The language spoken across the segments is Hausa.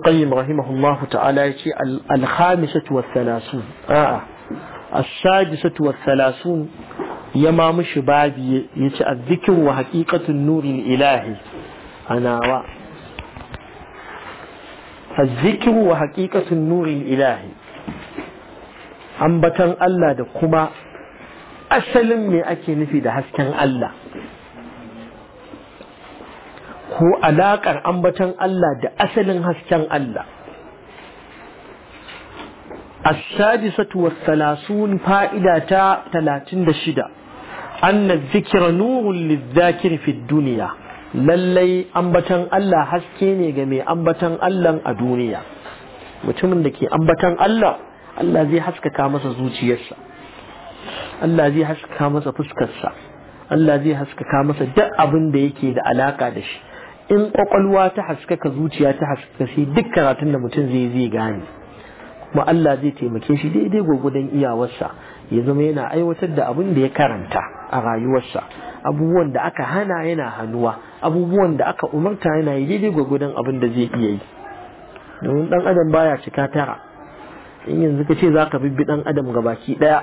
القيم رحمه الله تعالى الخامسة والثلاثون آه. السادسة والثلاثون يما مش بادي يتي الذكر وحقيقة النور الإلهي أنا و الذكر وحقيقة النور الإلهي أنبتن الله دكما أسلم مئة أكي نفي الله ko alaƙar ambaton Allah da asalin hasken Allah. Asadi satuwar salasun fa’ida ta talatin da shida, na zikira nuhun lizzakir fid duniya, lallai ambaton Allah haske ne ga mai ambaton Allah a duniya. Mutumin da ke ambaton Allah, Allah zai haskaka masa zuciyarsa, Allah zai haskaka masa fuskarsa, Allah zai haskaka masa duk abin da yake da alaƙa da shi. in kwakwalwa ta haskaka zuciya ta haskaka sai duk karatun da mutum zai zai gane kuma Allah zai taimake shi daidai gwagwadon iyawarsa ya zama yana aiwatar da abin da ya karanta a rayuwarsa abubuwan da aka hana yana hannuwa abubuwan da aka umarta yana yi daidai gwagwadon abin da zai iya yi domin dan adam baya cika tara in yanzu ka ce za ka bibbi dan adam ga baki ɗaya,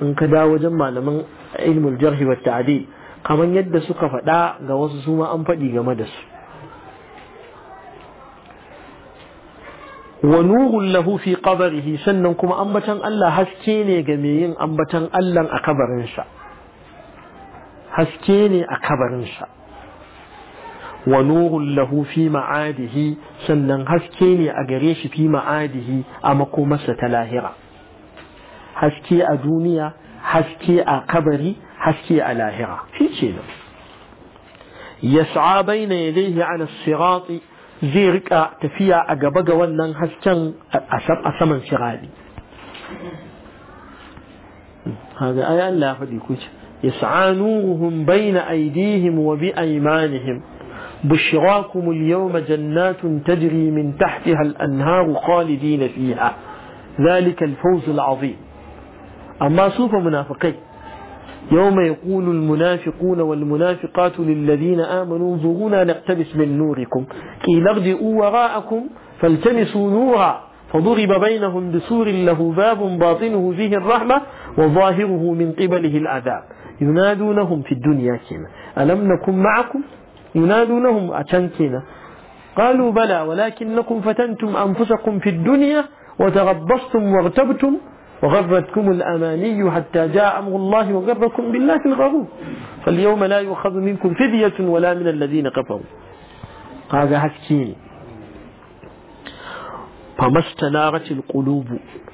in ka dawo wajen malaman ilmul jarhi wa ta'dil kamar yadda suka faɗa ga wasu suma an faɗi game da su ونور له في قبره سنن كما أنبتن الله هسكيني جميعين أنبتن الله أكبر إنشاء هسكيني أكبر إنشاء ونور له في معاده سنن هسكيني أجريش في معاده أما كما ستلاهرة هسكي أدونيا هسكي أكبري هسكي ألاهرة في شيء يسعى بين يديه على الصراط zai rika tafiya a gaba ga wannan hasken a saman shirabi هذا آية لا فديكوش يسعى نورهم بين أيديهم وبأيمانهم بشراكم اليوم جنات تجري من تحتها الأنهار خالدين فيها ذلك الفوز العظيم أما سوف منافقين يوم يقول المنافقون والمنافقات للذين آمنوا انظرونا نقتبس من نوركم كي نغدئوا وراءكم فالتمسوا نورا فضرب بينهم بسور له باب باطنه فيه الرحمة وظاهره من قبله العذاب ينادونهم في الدنيا كنا ألم نكن معكم ينادونهم أتن كنا قالوا بلى ولكنكم فتنتم أنفسكم في الدنيا وتربصتم وارتبتم وغرتكم الأماني حتى جاء أمر الله وغركم بالله الغرور فاليوم لا يؤخذ منكم فدية ولا من الذين كفروا هذا حكيني فما استنارت القلوب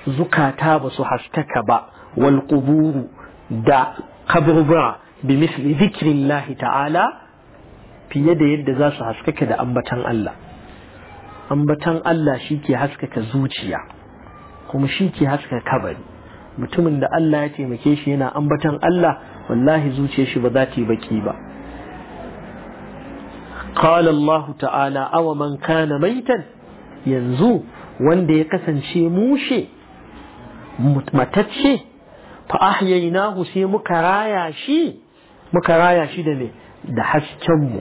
زكاتا بسحشتك با والقبور دا قبر با بمثل ذكر الله تعالى في يد يد ذا سحشتك دا أمبتان الله أمبتان الله شيكي حسكك زوجيا kuma shi ke haska kabari mutumin da Allah ya taimake shi yana ambatan Allah wallahi zuciyar shi ba za ta yi baki ba qala Allah ta'ala aw man kana maitan yanzu wanda ya kasance mushe matacce fa ahyaynahu sai muka raya shi muka raya shi da me da hasken mu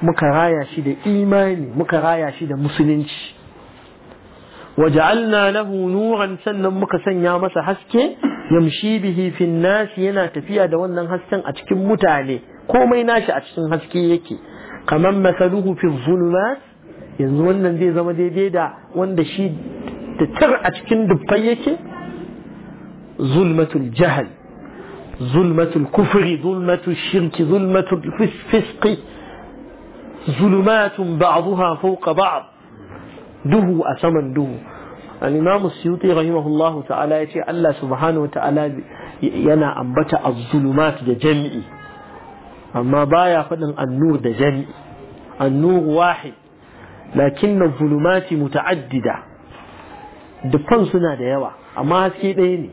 muka raya shi da imani muka raya shi da musulunci وجعلنا له نورا سنن مكا سنيا مسا حسكي يمشي به في الناس ينا تفيا دوانا حسكي أتكي متالي كومي ناشي أتكي حسكي يكي كمان مثله في الظلمات ينزوانا دي زمدي دي دا وان دا شي تتر أتكي دبقي يكي ظلمة الجهل ظلمة الكفر ظلمة الشرك ظلمة الفسق ظلمات بعضها فوق بعض duhu a saman duhu al-imam suyuti rahimahullahu ta'ala ce Allah subhanahu wa ta'ala yana ambata az da jami'i amma baya fadin an da jami'i annur wahid lakin az muta'addida dukkan suna da yawa amma haske ɗaya ne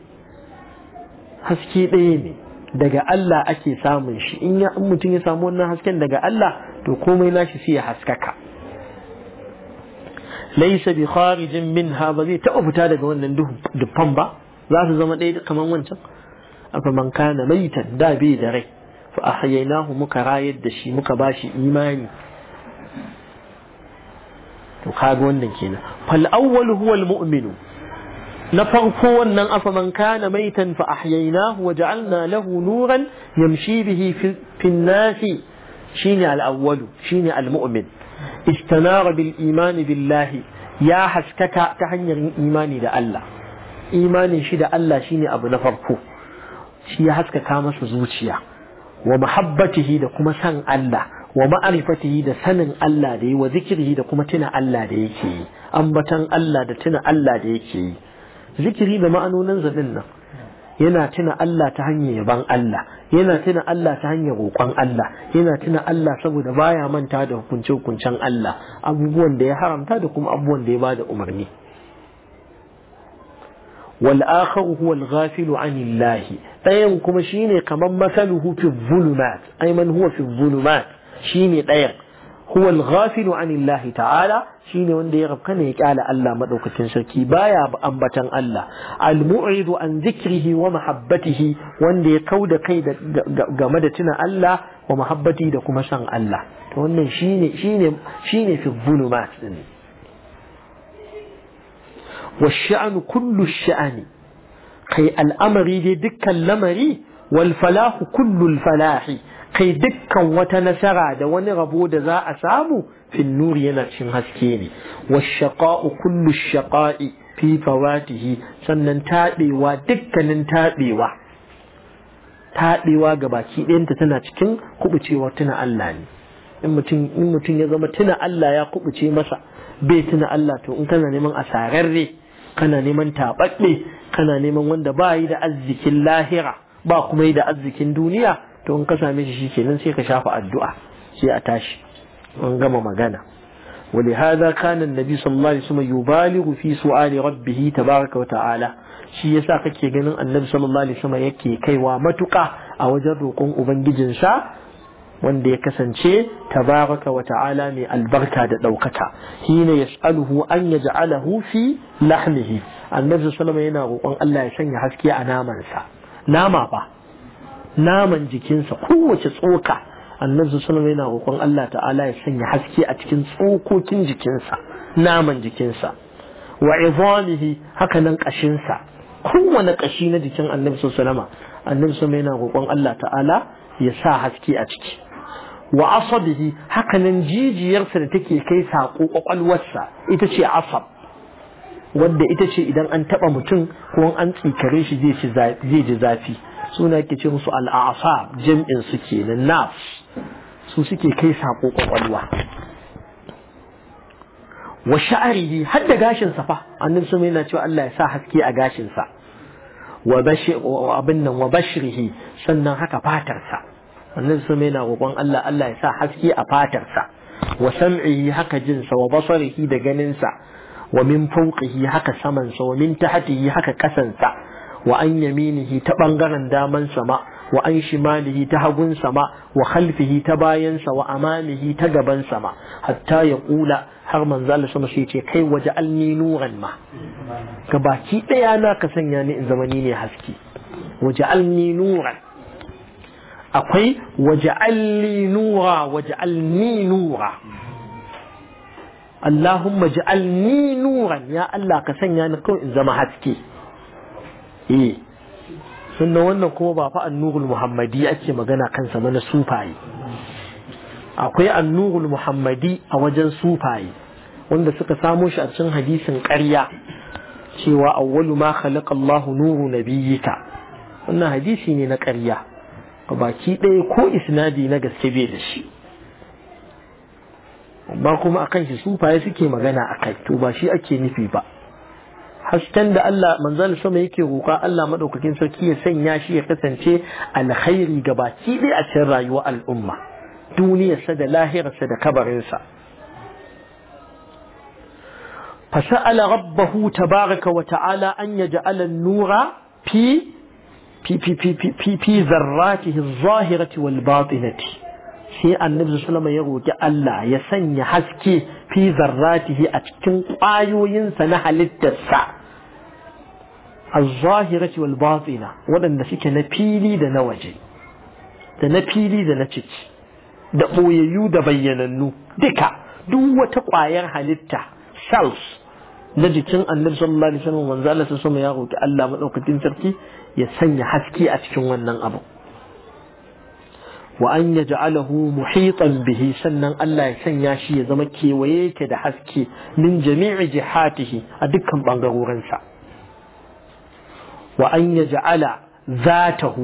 haske ne daga Allah ake samun shi in mutum ya samu wannan hasken daga Allah to komai nashi sai ya haskaka ليس بخارج منها بذي تأوف لك جوان ندهم دبان با ذات زمن ايه كمان وانشان فمن كان ميتا دا بي دري فأحييناه مكا رايد دشي مكا باشي إيماني وكاق وانا كينا فالأول هو المؤمن نفرقوا وانا أفمن كان ميتا فأحييناه وجعلنا له نورا يمشي به في, في الناس شيني الأول شيني المؤمن استنار بالإيمان بالله يا حسكك كهن يرين إيماني دا الله إيماني شي دا الله شيني أبو نفركو شي حسك كامس وزوشيا ومحبته دا كما سن الله ومعرفته دا سن الله دي وذكره دا كما تنا الله دي أمبتا الله دا تنا الله دي ذكره دا ما أنو ننزل لنا ينا تنا الله تهن يبان الله yana tuna Allah ta hanyar roƙon Allah yana tuna Allah saboda baya manta da hukuncin hukuncen Allah abubuwan da ya haramta da kuma abubuwan da ya bada umarni wal akharu huwa al-ghafilu anillahi ɗayan kuma shine kaman masaluhu fi dhulumat ay man huwa fi dhulumat shine ɗayan هو الغافل عن الله تعالى شين وندي يغب كان يكالا الله مدوك تنشركي بايا أنبتا الله المعرض عن ذكره ومحبته وندي قود قيد قمدتنا الله ومحبته دكما شان الله وندي شين في الظلمات والشأن كل الشأن قي الأمر دي دك اللمري والفلاح كل الفلاح kai dukkan wata nasara da wani rabo da za a samu fin nuri yana cin haske ne shaqa'u kullu shaqa'i fi fawatihi sannan taɓewa dukkanin taɓewa taɓewa ga baki ɗayanta tana cikin kubucewa tuna Allah ne in mutum in mutum ya zama tuna Allah ya kubuce masa bai tuna Allah to in kana neman asararre kana neman taɓaɓɓe kana neman wanda ba yi da arzikin lahira ba kuma yi da arzikin duniya to in ka same shi kenan sai ka shafa addu'a sai a tashi an gama magana ولهذا كان النبي صلى الله عليه وسلم يبالغ في سؤال ربه تبارك وتعالى shi yasa kake ganin annabi sallallahu alaihi wasallam yake kaiwa matuka a wajen roƙon ubangijin sa wanda ya kasance tabaraka wa ta'ala mai albarka da ɗaukaka hina yas'aluhu an yaj'alahu fi lahmihi annabi sallallahu alaihi wasallam yana roƙon Allah ya sanya haske a namansa nama ba naman jikinsa kowace tsoka annabi sallallahu yana roƙon Allah ta'ala ya sanya haske a cikin tsokokin jikinsa naman jikinsa wa izamihi haka nan kashinsa kowane kashi na jikin annabi sallallahu annabi sallallahu yana roƙon Allah ta'ala ya sa haske a ciki wa asabihi haka nan jijiyarsa da take kai saƙo ƙwaƙwalwarsa ita ce asab wadda ita ce idan an taɓa mutum ko an tsikare shi zai ji zafi suna ke ce musu al'afa jam'in su nan naf su suke kai saƙo ƙwaƙwalwa. wa sha'arihi har da gashinsa fa annin sun yana cewa Allah ya sa haske a gashinsa. wa abin nan wa yi sannan haka fatarsa annin sun yana roƙon Allah Allah ya sa haske a fatarsa. wa sam'ihi haka jinsa wa wa basarihi da ganinsa. wa min fawqihi haka samansa. wa min tahtihi haka kasansa. وأن يمينه تبنغرن دامن سما وأن شماله تهبن سما وخلفه تباين سما وأمامه تقبن سما حتى يقول حرما زال سما سيتي كي وجعلني نورا ما كباكي تيانا كسن يعني زمنيني حسكي وجعلني نورا أقول وجعلني نورا وجعلني نورا اللهم جعلني نورا يا الله كسن يعني كو زمان حسكي eh sunna wannan kuma ba fa annurul muhammadi ake magana kansa mana sufaye akwai annurul muhammadi a wajen sufaye wanda suka samo shi a cikin hadisin ƙarya cewa awwalu ma khalaqa Allahu nuru nabiyyika wannan hadisi ne na ƙarya baki ɗaya ko isnadi na gaske bai da shi Ba kuma akan shi sufaye suke magana akai to ba shi ake nufi ba hasken da Allah manzon sama yake roƙa Allah madaukakin sarki ya sanya shi ya kasance alkhairi ga baki ɗaya a cikin rayuwar al'umma sa da sa da kabarin sa fa kabarinsa فسأل ربه تبارك وتعالى أن يجعل النور في fi fi fi fi zarratihi adh-dhahirati wal-batinati sai annabi sallama ya roki Allah ya sanya haske fi zarratihi a cikin sa na halittarsa az-zahirati wal batina wadanda suke na fili da na waje da na fili da na cici da boyayyu da bayyanannu duka duk wata ƙwayar halitta cells na jikin annabi sallallahu alaihi wasallam manzo Allah sallallahu ya roki Allah madaukakin sarki ya sanya haske a cikin wannan abu وأن يجعله محيطا به سنن الله يسنى شيء زمكي ويك دحسكي من جميع جهاته أدكم بانغورنسا وأن يجعل ذاته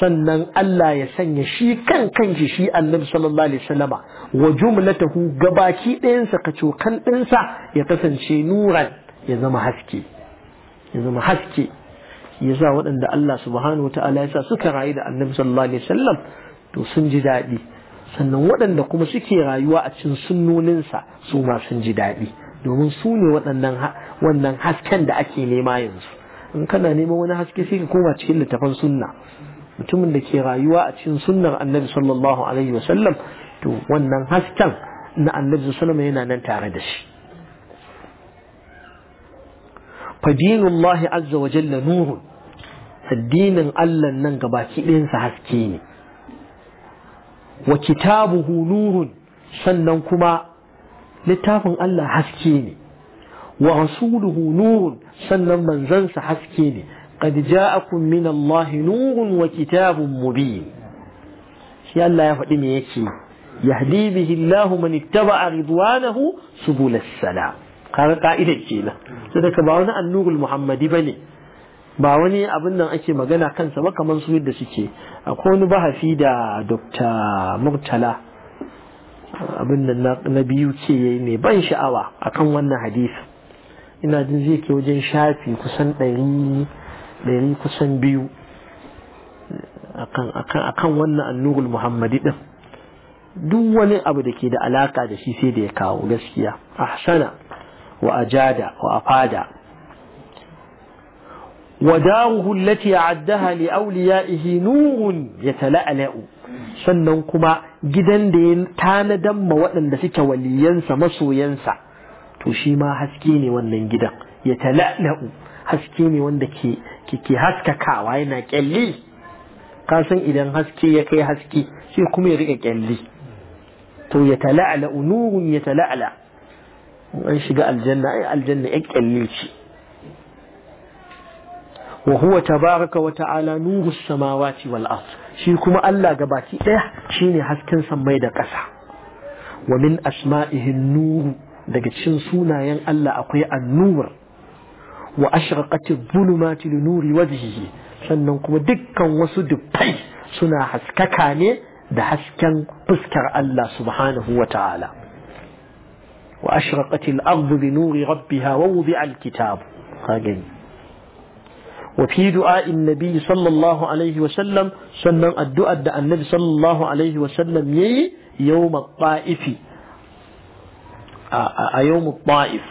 sannan Allah ya sanya shi kan kanshi shi annabi sallallahu alaihi wasallama wa jumlatahu gabaki ɗayansa ka cokan ɗinsa ya kasance nuran ya zama haske ya zama haske ya sa waɗanda Allah subhanahu wa ta'ala ya sa suka rayu da annabi sallallahu alaihi wasallam to sun ji daɗi sannan waɗanda kuma suke rayuwa a cikin sunnoninsa su ma sun ji daɗi domin su ne waɗannan wannan hasken da ake nema yanzu in kana neman wani haske sai ka koma cikin littafan sunna mutumin da ke rayuwa a cikin sunnar annabi sallallahu alaihi wasallam to wannan hasken na annabi sallallahu alaihi yana nan tare da shi fadinullahi azza Nuhu addinin Allah nan gabaki ɗayansa haske ne وكتابه نور سنن كما لتافن الله حسكيني ورسوله نور سنن من زنس حسكيني قد جاءكم من الله نور وكتاب مبين يا الله يفعلم يكي يهدي به الله من اتبع رضوانه سبل السلام قال قائلة كينا سنكبرنا النور المحمدي بني ba wani abin nan ake magana kansa ba kamar su yadda suke akwai wani bahafi da dr murtala abin nan na biyu ce yayi mai ban sha'awa akan wannan hadisi ina jin zai ke wajen shafi kusan ɗari ɗari kusan biyu akan wannan annugul muhammadi ɗin. duk wani abu da ke da alaka da shi sai da ya kawo gaskiya ahsana wa ajada wa afada وداره التي عدها لأوليائه نور يتلألأ سننكما جدن دين تانا دم وأن دفك ولينس مسو ينسع تشيما هسكيني وأن جدق يتلألأ هسكيني وأن كي كي, كي هسكا كاوين كالي قاسن إذن هسكي يكي هسكي سيكمي رئي كالي تو يتلألأ نور يتلألأ وأن الجنة الجنة اكالي شي وهو تبارك وتعالى نور السماوات والأرض شيء كما الله إيه شيني هسكن سميدا قسع ومن أسمائه النور دقى تشنسونا ين الله أقيا النور وأشرقت الظلمات لنور وجهه سننكم دكا وسد بي سنا هسككاني ده هسكن بسكر الله سبحانه وتعالى وأشرقت الأرض بنور ربها ووضع الكتاب خاقين وفي دعاء النبي صلى الله عليه وسلم سنن الدعاء دعاء النبي صلى الله عليه وسلم يي يوم الطائف آه، آه، آه، يوم الطائف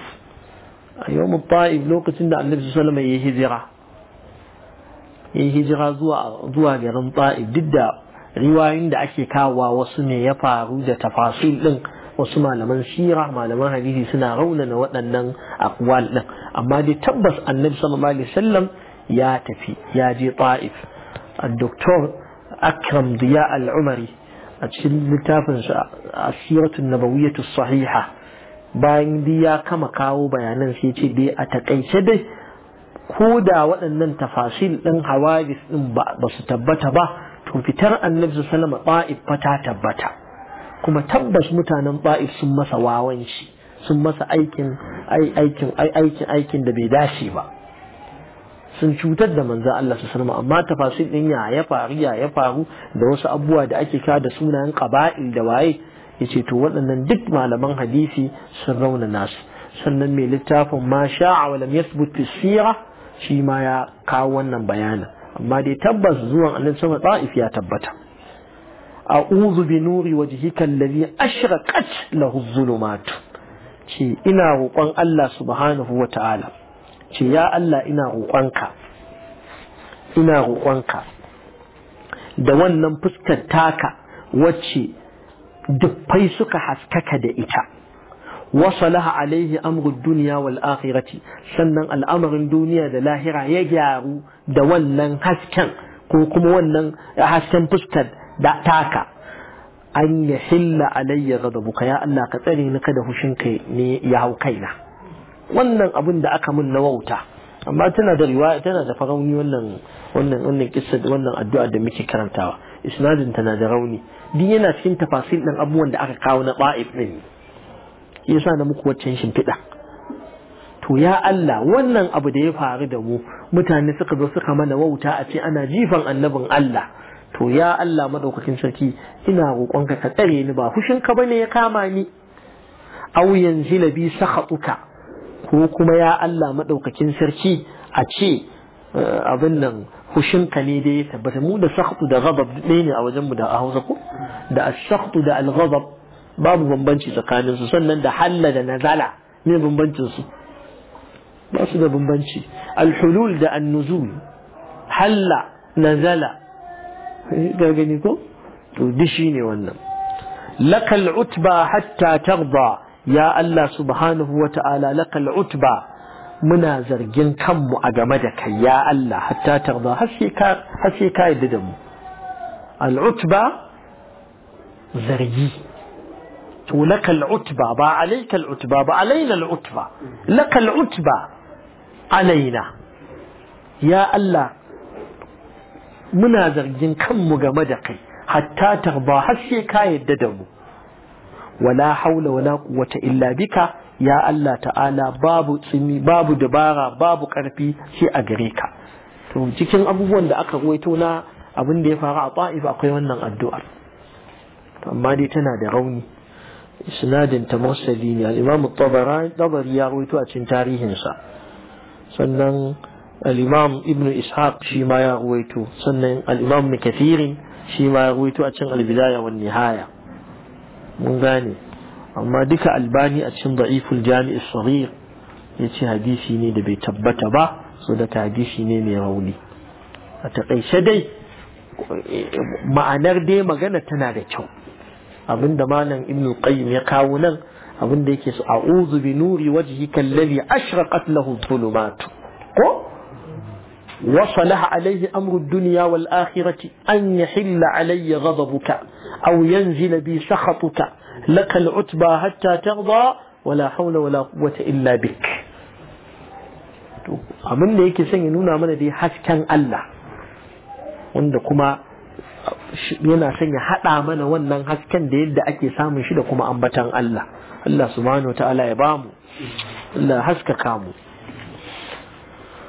يوم الطائف لو قلت النبي صلى الله عليه وسلم يي هجرة يي هجرة زوا زوا غيرن طائف ددا riwayoyin da ake kawo wasu ne ya faru da tafasir din wasu malaman shira malaman hadisi suna raunana waɗannan akwal din amma dai tabbas annabi sallallahu يا تفي يا جي طائف الدكتور أكرم ضياء العمري السيرة النبوية الصحيحة باين ديا كما كاو بيانا سيتي بي أتقيت به كودا وأن التفاصيل لن حوادث بس تبت به تنفتر أن نفس سلم طائف فتا تبت كما تبس متانا طائف ثم سواوينش ثم سأيكن أيكن أيكن أيكن دبي داشي بقى sun cutar da manzo Allah su sanama amma tafasir din ya ya faru ya ya faru da wasu abubuwa da ake ka da sunayen qaba'il da waye yace to waɗannan duk malaman hadisi sun rauna nasu sannan mai littafin ma sha'a wa lam yathbut fi sira shi ma ya kawo wannan bayanin amma dai tabbas zuwan annabi sama ta'if ya tabbata a'udhu bi nuri wajhika alladhi ashraqat lahu adh-dhulumat ce ina roƙon Allah subhanahu wa ta'ala ce ya Allah ina roƙonka ina roƙonka da wannan fuskar taka wacce dukkai suka haskaka da ita wasalaha alaihi amrud dunya wal akhirati sannan al'amarin duniya da lahira ya gyaru da wannan hasken ko kuma wannan hasken fuskar da taka an ya hilla alayya ghadabuka ya Allah ka tsare ni kada hushinka ne ya hau kaina wannan abin da aka mun na wauta amma tana da riwaya tana da farauni wannan wannan wannan kissa da wannan addu'a da muke karantawa isnadin tana da rauni duk yana cikin tafasil din abubuwan da aka kawo na ba'if din yasa na muku waccan shimfiɗa to ya Allah wannan abu da ya faru da mu mutane suka zo suka mana wauta a ce ana jifan annabin Allah to ya Allah madaukakin sarki ina roƙonka ka tsare ni ba ka bane ya kama ni aw yanzila bi sakhatuka ko kuma ya Allah madaukakin sarki a ce abin nan hushinka ne dai tabbata mu da sakhtu da ghadab dai ne a wajen mu da a Hausa ko da as-sakhtu da al-ghadab babu bambanci tsakanin su sannan da halla da nazala ne bambancin su ba su da bambanci al-hulul da an-nuzul halla nazala ga gani ko to dishi ne wannan lakal utba hatta tarda يا الله سبحانه وتعالى لك العتبة من زرجين كم أجمدك يا الله حتى تغضى هسيكا هسيكا يددم العتبة زرجي ولك العتبة عليك العتبة علينا العتبة لك العتبة علينا يا الله منازل جن كم مجمدك حتى ترضى تغضى هسيكا يددمو ولا حول ولا قوة إلا بك يا الله تعالى بابو تسمي بابو دبارة بابو كنبي في أجريكا ثم تكين أبو بوان دعاك رويتونا أبن دي فارع طائف أقيمان الدعاء ما دي تنا دي غوني إسناد تمرسلين الإمام الطبراني طبر يا رويتو أتن تاريهن سنن الإمام ابن إسحاق شيما يا رويتو سنن الإمام كثير شيما يا رويتو أتن البداية والنهاية mun gane amma duka albani a cikin da'iful jami'i sahih ya ce hadisi ne da bai tabbata ba so da hadisi ne mai rauni a taƙaice dai ma'anar dai magana tana da kyau abinda malam ibnu qayyim ya kawo nan abinda yake su a'udhu bi nuri wajhika alladhi ashraqat lahu dhulumat ko وصلح عليه أمر الدنيا والآخرة أن يحل علي غضبك أو ينزل بي سخطك لك العتبى حتى ترضى ولا حول ولا قوة إلا بك abin da yake son ya nuna mana dai hasken Allah wanda kuma yana son ya haɗa mana wannan hasken da yadda ake samun shi da kuma ambatan Allah Allah subhanahu wa ta'ala ya bamu Allah haskaka mu